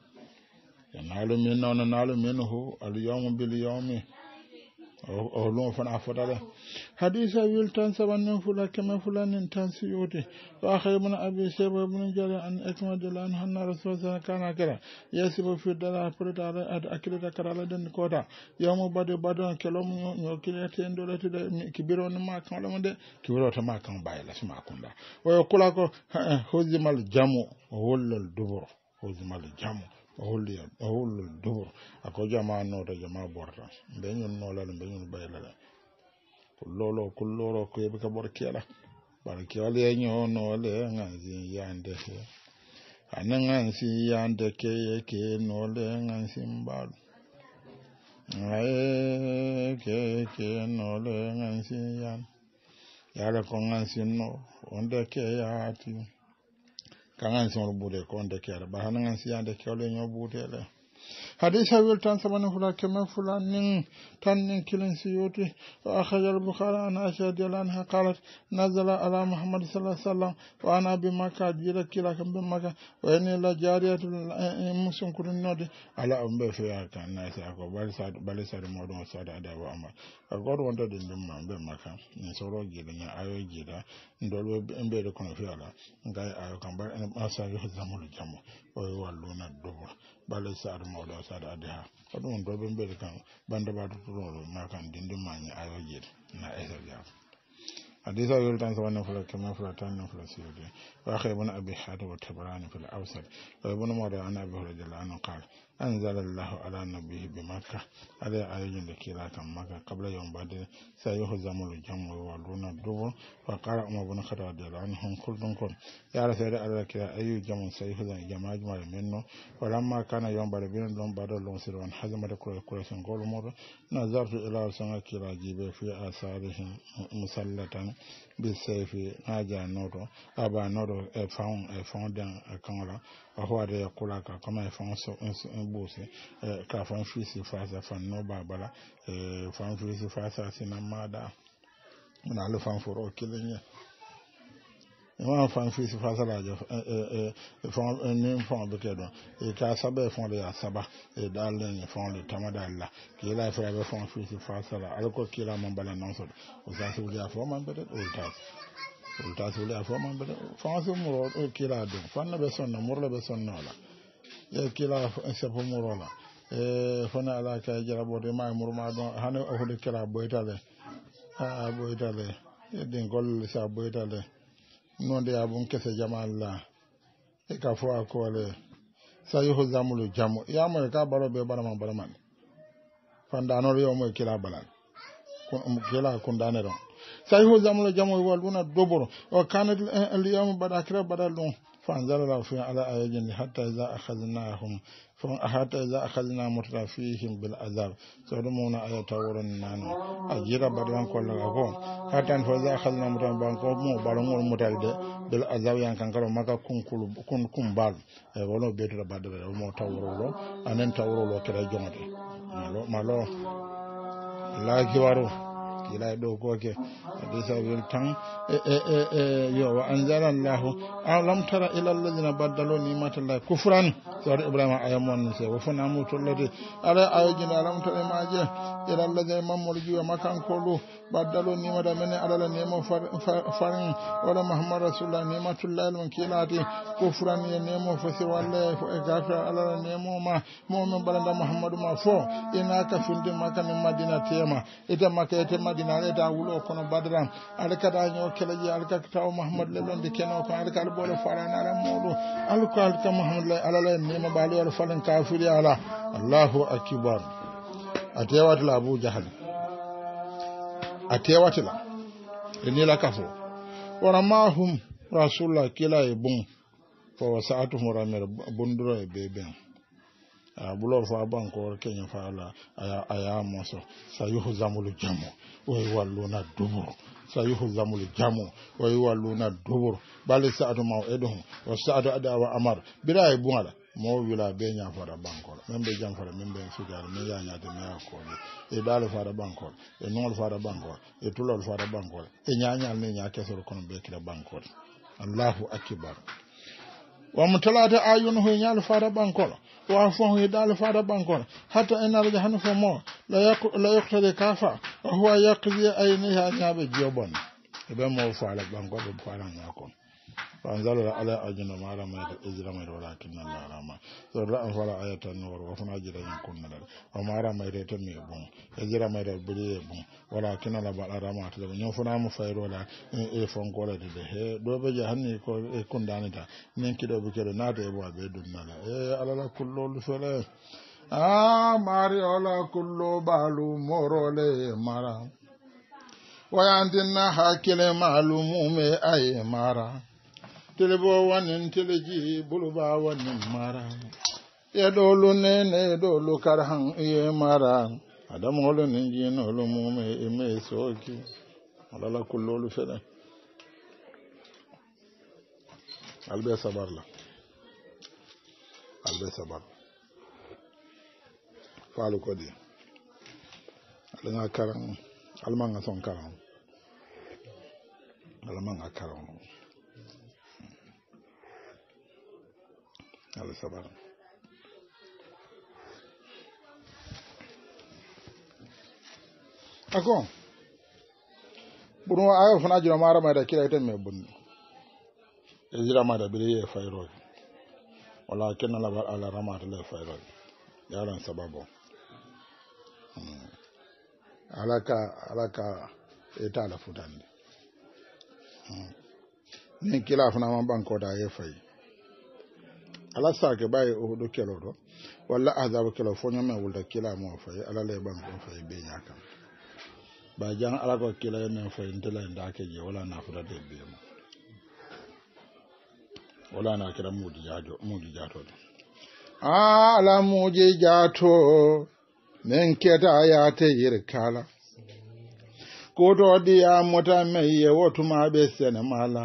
yo naalu na noon naalu min hu alyawmu bilyawmi o lon fana da hadisa wil tan sabannin fula fula fulanin tan yote wa akhir mun abi sabab mun jari an akma jalan hanna rasul sallallahu kana kara yasibu fi dala prata da ad akida karala den kota yawmu bade badon kelom nyo kile ten dole to de kibiro ni ma kan lo de kibiro to ma kan la sima kunda o kula ko hozimal eh, jamu wallal dubur hozimal jamu o holliyam o hollol duhur ako jama noto jama borta mbe ñun noolale mbe ñun baylale kullolo kulloro ko ka ɓor kela ɓar kewale ñoonole gansi yande he ana gansi yande ke noole gansi mbaɗu aye ke ke noole gansi yan yala ko gansinno onde ke yaati kaŋan siŋol ke arba kere an siya da siyande kewle ñoo buutele hadisa wel tan sabana fula keme fula nin tan nin kilin siyoti wa akhraja al-bukhari an aisha radiyallahu anha qalat nazala ala muhammad sallallahu alaihi wasallam wa ana bi makka jira kila kam bi makka wa inni la jariyatun eh, musun kurun nodi ala umbe fe aka na sa ko bal sa bal sa mo don da da wa amma agor wonta de dum ma be makka ni soro gida ayo gida ndol be be ko no fi ala ngai ayo kan ba an asa jamu o lona wallo na dogo balo saadu ma do saadu adi ha o dun dobe mbele kan bande ba to to ro na kan dindi ma ni ayo jir na e sel jaf adi sa yul tan fula kema fula tan na fula si wa khay abi hadu wa tabarani fula awsad wa bun mwada ana abi hula jala anu anzala llahu ala nabihi bi makka ala ye ayoji de kila kan maka kabla yawm badiri sa yuhzamu wa luna dubu fa qala umar bnu da radiallahu hun kultum kun ya da ala kila ayu jamu sa yuhzam jama jumare minno walamma kana yawm don bino da baɗo lomsir on hazamata kuray kuraysen gol na zartu ila songa kila jibe fi asarihi musallatan be safe na ja noro aba noro e fon e fon den e kanra a hoade ya kula ka kama e fon so en e bose ka fon fisi fasa fan no babala e fon fisi fasa sinan mada na alfan furo kilin ya imam fisi min fon ɓe ke ɗon e ka saba fɔn fonde ya saba e ɗallen e fonde tamada allah kiila fira fisi ala ko kila man mbala non o wuli a fɔ man ɓe ɗe ɗoltasi ɗoltasi wuli a fɔ man fɔn ɗe fansi muro kiila dum fanna ɓe sonna murle ɓe sonnola e kiila sepo murola e fone ala ka jaraɓote ma e murma ɗon hane o huɗe kira boytale a boytale e ɗin golle sa nonde yabon kese jama allah e ka fo a koole sayuhu zamulu jamu ya yamoye ka baro ɓe ɓarama ɓaraman fandanoro yomoye kila balan um, kila kundanero sayuhu zamulu jamu wal ɗuna doboro o kanat eh, eh, liyama baɗa kira baɗal ɗum الله في على أيديهم حتى إذا أخذناهم حتى إذا أخذنا مترفيهم بالعذاب سرمون آية ورنان أجير بدران كل غفو حتى إذا أخذنا مترفيهم بالعذاب برمو المتالد بالعذاب كان كرو مكا كن كن كن بال ولو بيتر بدر مو تورولو تورو لو كرا جونتي مالو مالو لا جوارو kila dokoke da sabil tan eh, eh, eh, yo allah tara ila alladhina baddalu ni'mata allah kufran ibrahim ayam won se wa funa mutollade ala tara ma je ila alladhina wa makan kolu baddalu ni'mata min ala nemo farin wala muhammad rasulullah ni'matullah kilati kufran e ala ma mu'min balanda ma fo ina ka fundin maka min madina tema ita maka ita dinare da wulo kono badran alka da nyo ji alka taw muhammad le londi keno ko alka al bolo farana ram mudu alka alka muhammad le alala mi ma bali wal falan kafiri ala allahu akbar la abu jahal e ni la kafu wa mahum rasulullah kila ibun e fa fo muramir ramir e beben Ah, bulor fa bankor kenya fa ala aya moso sayuhu zamul jamu wa yawalluna dubur sayuhu zamul jamu wa yawalluna dubur bali sa'adu maw'iduhum wa sa'adu wa amar bira bungala mo wila be ñafata bankol min ɓe jam fata min ɓen sukare min yañade mi yakkoɓe e ɗaalo fara bankol e nugol fata bankol e tulol fata bankol e nya ni nya kon be kira bankol allahu akbar wamo talata ayun hoye ñaalu fara ɓankolo wa fon hoye daalu fara ɓankolo hatta enaraja hano fo mo la yoktade ka fa o howa yakkidi ayniha ñaaɓe jiyo bonne eɓe fara faala ɓankoɓe fara kon فأنزل على أجن ما لم يزل مير ولكن الله رحمة سورة أنفال آية النور وفنا جدا ينكون لل وما رحمة يتم يبون يزل مير بلي يبون ولكن الله بلا رحمة تلو ينفنا مفير ولا إيفون قولة تده دو بجهني يكون دانتا نينكي دو بكير ناتي يبوا بيدون نالا إيه على لا كل لسولة آه ماري ولا كل بالو مورولي مرام wayantin na hakile malumu me aye mara tilbo wanin tiliji buluba wanin mara ye dolu nene dolu karhan iye mara adamolu nin jinolu mume ime soki alala kullolu fene albe sabar la albe sabar faalu ko di alanga karan almanga son karan almanga karan Allah sabara ako ɓurum aya fana jura maramada kirayten me jira e da bire ye fayroje wala kenna labar ala rama ramata le fayroje yaran sababu hmm. alaka alaka ita ala futande hmm. Ni kila fana ma da ya fayi ala sake baye o huɗo kelo ɗo walla adabu kelo fo ñome wulda kilamo o faye ala la ɓan ko faye be ñakam ba jan ala ko kila ye men faye ntela e ndake je wala nafuta de biyema wala na kira muji jaajo muji jaato de a ala muji jaato men keta yaate yir kala koto diyamota me ye wotumaɓe senemala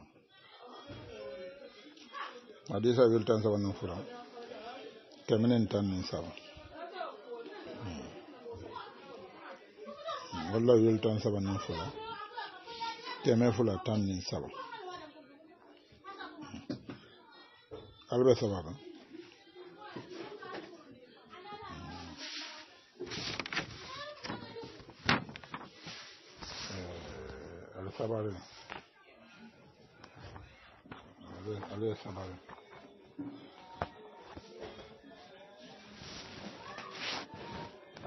hadisa wil tan saba nan fura keminen tan nin saba hmm. wala wil tan saba nan fura keme fula tan nin saba hmm. albe saba kan hmm. eh, al sabare al sabare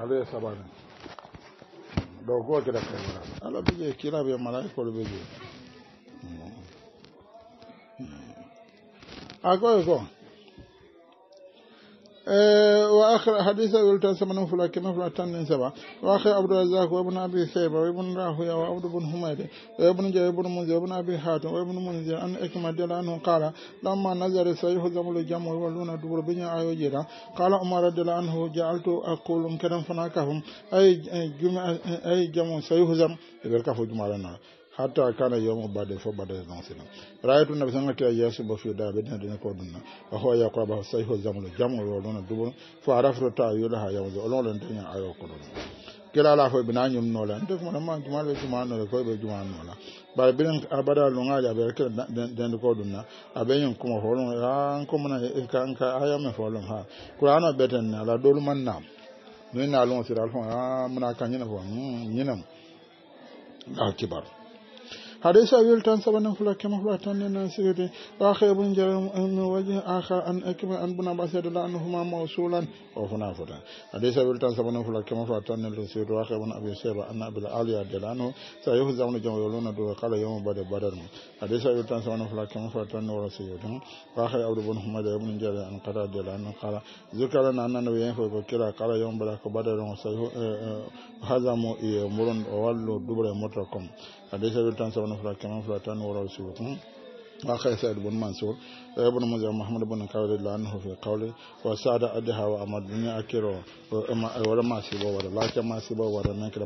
ala ye sabanan donc k'o kɛra fɛn ala bɛ jɛ kira bɛ mara ekɔli bɛ jɛ a ko ye ko ɛɛ وآخر حديث ولتان سمن فلا كما فلا تان سبا وآخر عبد الرزاق وابن أبي ثيبة وابن راهوية وعبد بن حميد وابن جاي بن منذر وابن أبي حاتم وابن منذر أن أكمل جل أنه قال لما نزل سيهزم الجمع يولون دبر بنيا أيوجيرا قال عمر رضي الله عنه جعلت أقول كلام فناكهم أي جمع أي جمع سيهزم إذا كفوا جمعنا hatta kana fo ba'da fa ba'da zansina ra'aytu nabi sallallahu alaihi wasallam yasubu fi dabi dan dina ko dunna wa ko yaqrabu sayhu zamlu jamu wa luna dubun fa araftu ta'yulaha yawzu olon tan ya ayo ko do kila la fo bina nyum no la ndef mo ma le be ma no ko be ma no la ba bin lo nga ngaja be ke den ko dunna be nyum kuma ho lon an ko mona e kan e, ka aya me fo lon ha qur'ano beten na la dolu man na ni na lon sira fo a mona kan nyina fo hmm, nyina akibar hada sa wil tan saba nan fula kema fula tan nan sirede wa khaybun jaram min wajhin akhar an akma an buna basada la anhuma mawsulan wa huna fatan sa wil tan saba kema tan wa abi saba an abi ya sa yuhzamu jawluna do qala yawm bad badar hada sa wil tan saba kema fula tan wa sirede wa khaybun ibn an qala qala zikra qala yawm bad badar sa iy murun wallu hadisa be tan sabana fila kɛmɛ fila tan ni wɔɔrɔ sugu وقال سعيد بن منصور ابن آه، مزيع محمد بن كاول لانه في قوله وسعد أدها وأمد بن أكيرو آه، ولا ما سيبو ولا لا ما سيبو ولا نكر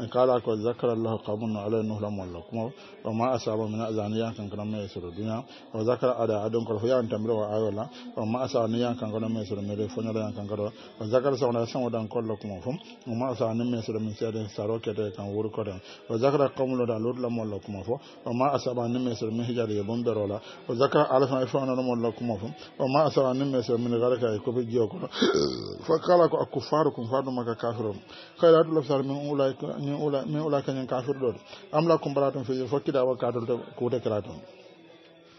ان قال أكو ذكر الله قومنا على لم مولكم وما أصاب من أذانيا كان كنا ميسر الدنيا وذكر أدا أدون كل فيا تمر وعاولا وما اصاب أصانيا كان كنا ميسر ميري فنيا كان كنا وذكر سونا سونا دان كل لكم فم وما اصاب من ميسر من سيد ساروكة كان وركدا وذكر قومنا على نهر لم فم وما أصاب من ميسر من هجر bun berola o zaka alafan ifana no molla kuma fam o ma asara nim me min gara ka ko be jio ko fa kala ko ak kufaru kum fadu maka kafirum khayra dul sar min ulai ni ulai min ulai kan kafir do am la kum baratum fi fakida wa kadul ko de kratum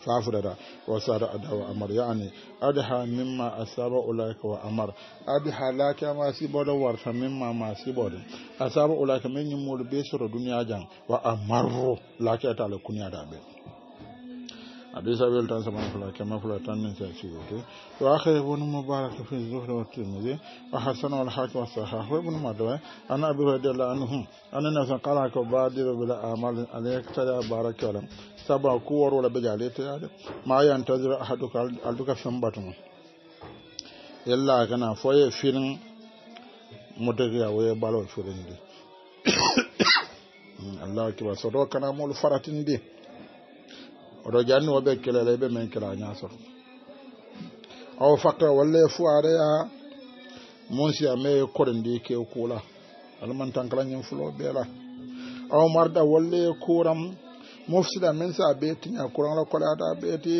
fafurara wa sada adawa amar yani adha mimma asaba ulaika wa amar adha la laka ma war fa mimma ma siboda asaba ulaika min yimul besoro duniya jang wa amaru laka ta la kunya da be abi sabel tan sama fula kema fula tan min sa ciwo ke wa akhir e bunu mubarak e fi zuhri wa tirmidhi wa hasan wal hak wa sahah wa bunu madwa eh? ana abi hadalla anhu ana nasa qala ka badira bila amal an yaktara barak alam saba ku war wala bajale ta da ma ya antazira ahadu kal alduka sam batum yalla kana foye firin mudariya waye balon firin di hmm, allah akbar sadaka na mul faratin di oto janni wo ɓe kelele ɓe men kela ñasoto awo fakka walla e fuwareya mon si a me korendi ke kuula alaman tankala ñin fulo ɓeela awo marda walla e kuram mofsida min sa ɓe tiña kuranla kolata ɓeeti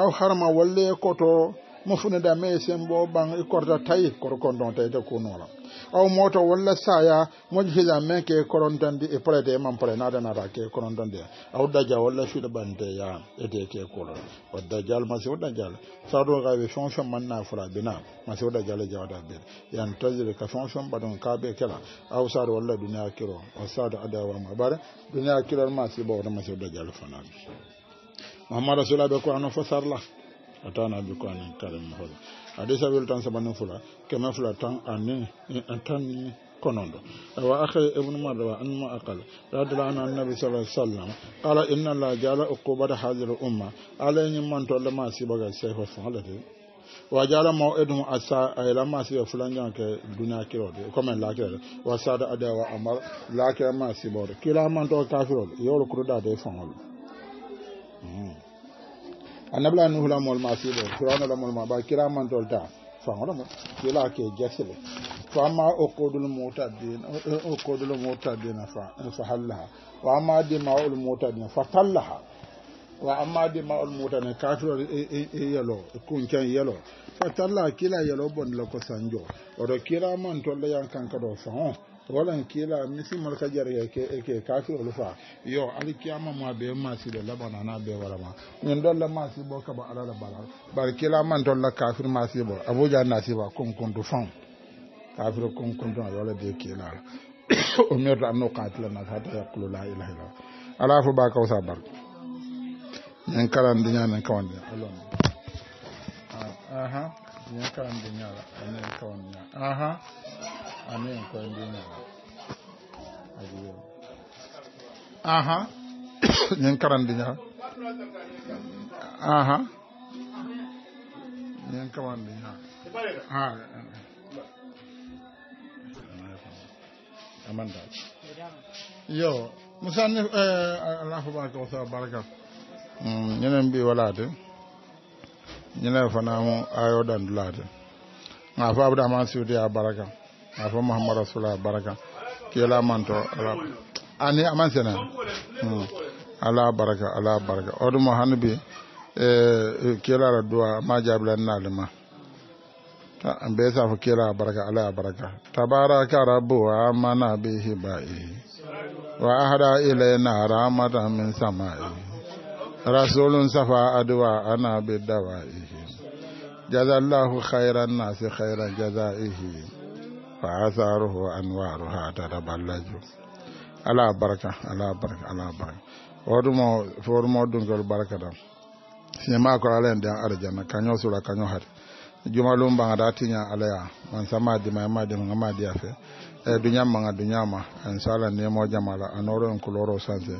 aw harma walla e koto mofunida me sembo ɓan i korta tayi koto kondon tayte kunola aw moto walla saya mujhida e men e ke korontandi e prete e man pre nadanata ke korontandi aw daja walla suuɗa ya ede ke kolol o dajal masihu dajal saɗoga ɓe fonction manna fura bina masihu dajal e jawata ɓeɗe yan tajiri ka fonction ɓaɗon kaɓe kela aw saɗa walla duniya kiro o saɗa ma bare duniya kiro ma sibo wota masihu dajal fanaɓe mahamad rasulaɓe ko ano fo sarla a tana bi ko ani kare mi hoɗo adi sabil tan sabani fula keme fula tan ani tanni konondo wa akhay ibn marra wa anma aqal radila an annabi sallallahu alaihi wasallam qala inna la jala uqubata hadhihi umma alayni man tolle ma si baga shaykh fa alati wa jala ma edum asa ay la ma si fulanya ke dunya kiro de comme la kiro wa sada ada wa amal la kiro ma si bor kila man to kafiro yoro kuro da de fa alati hmm. annabla nuhu la mol ma fi firawna la mol ma ba kira man tol ta mo ke gesele fa amma uqudul mutadin uqudul mutadin fa fa halaha wa amma dima'ul mutadin fa tallaha wa amma dima'ul mutadin kafiro e, e, e, yelo kun kan yelo fa talla kila yelo bon la ko sanjo o do kira man tol yan kan ka do fa walan kila misi malka jar ya ke ke kafi ulfa yo ali kiyama ma be ma si da labana na be warama min ma si bo ka ba ala da bala bar kila man dolla kafir ma si bo abuja na si ba kun kun du fon kafir kun kun kila o no na la ilaha illa ala fu ba bar allah aha aha Amén, Aha. Nyen karandinya. Aha. Nyen eh, karandinya. Eh. Amanda. Yo, musan eh Allah wa Mm, ñeneen bi Ñeneen ayo Nga fa Abdurrahman Sudi baraka. a fo mouhamadou rasulullah baraka kela manto ala ani aman sene hmm. ala baraka ala baraka oɗumo hanno bi e la duwa ma ta jabilannaɗema be safo kela baraka ala baraka tabaraka rabbu amana bihi ba'ihi wa ahda ilayna rahmatan min sama'ihi rasulun safa adwa ana bidawa'ihi jazallahu khairan nasi khairan jazaihi fa atharuhu anwaruha ballaju ala baraka ala baraka ala baraka wodumo wodumo ɗumgol baraka sinya ma ko ala en ɗen arjanna kaño sula kaño hade juma lum ba ngada tinya ala ya man sama di ma ma di ma ma di fe e eh, dunya ma duñammaga duñama en so ne mo jamala anoro en kuloro sanse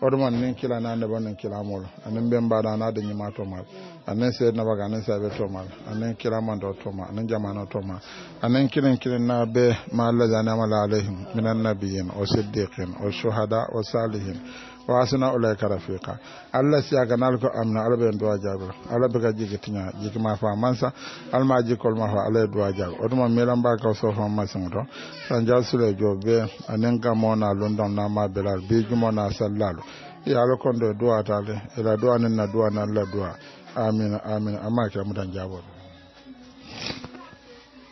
oɗuman nin kila na neba nin kilamol anin ɓen mbaɗa anade ñima tomal anin seedna baga anin seeɓe tomal anin kilamando toma anin jamano toma anin kilin kilin na be ma alladhi anama la alayhim min annabiyyin wa siddiqin wa shuhada wa salihin wasina ulai rafiqa allah ga nalko amna ala ɓen duwa jagol ala beka jigi tiña jigi ma fa mansa alma jikol ma fa alai duwa jago melam milan mba so fa masin to san jal jobe anen ga mona london na ma belal jumo na sallalo ya lo kondo e duwatale ila duwa nen na duwa na la duwa amina amina amma ke amutan jaboɗo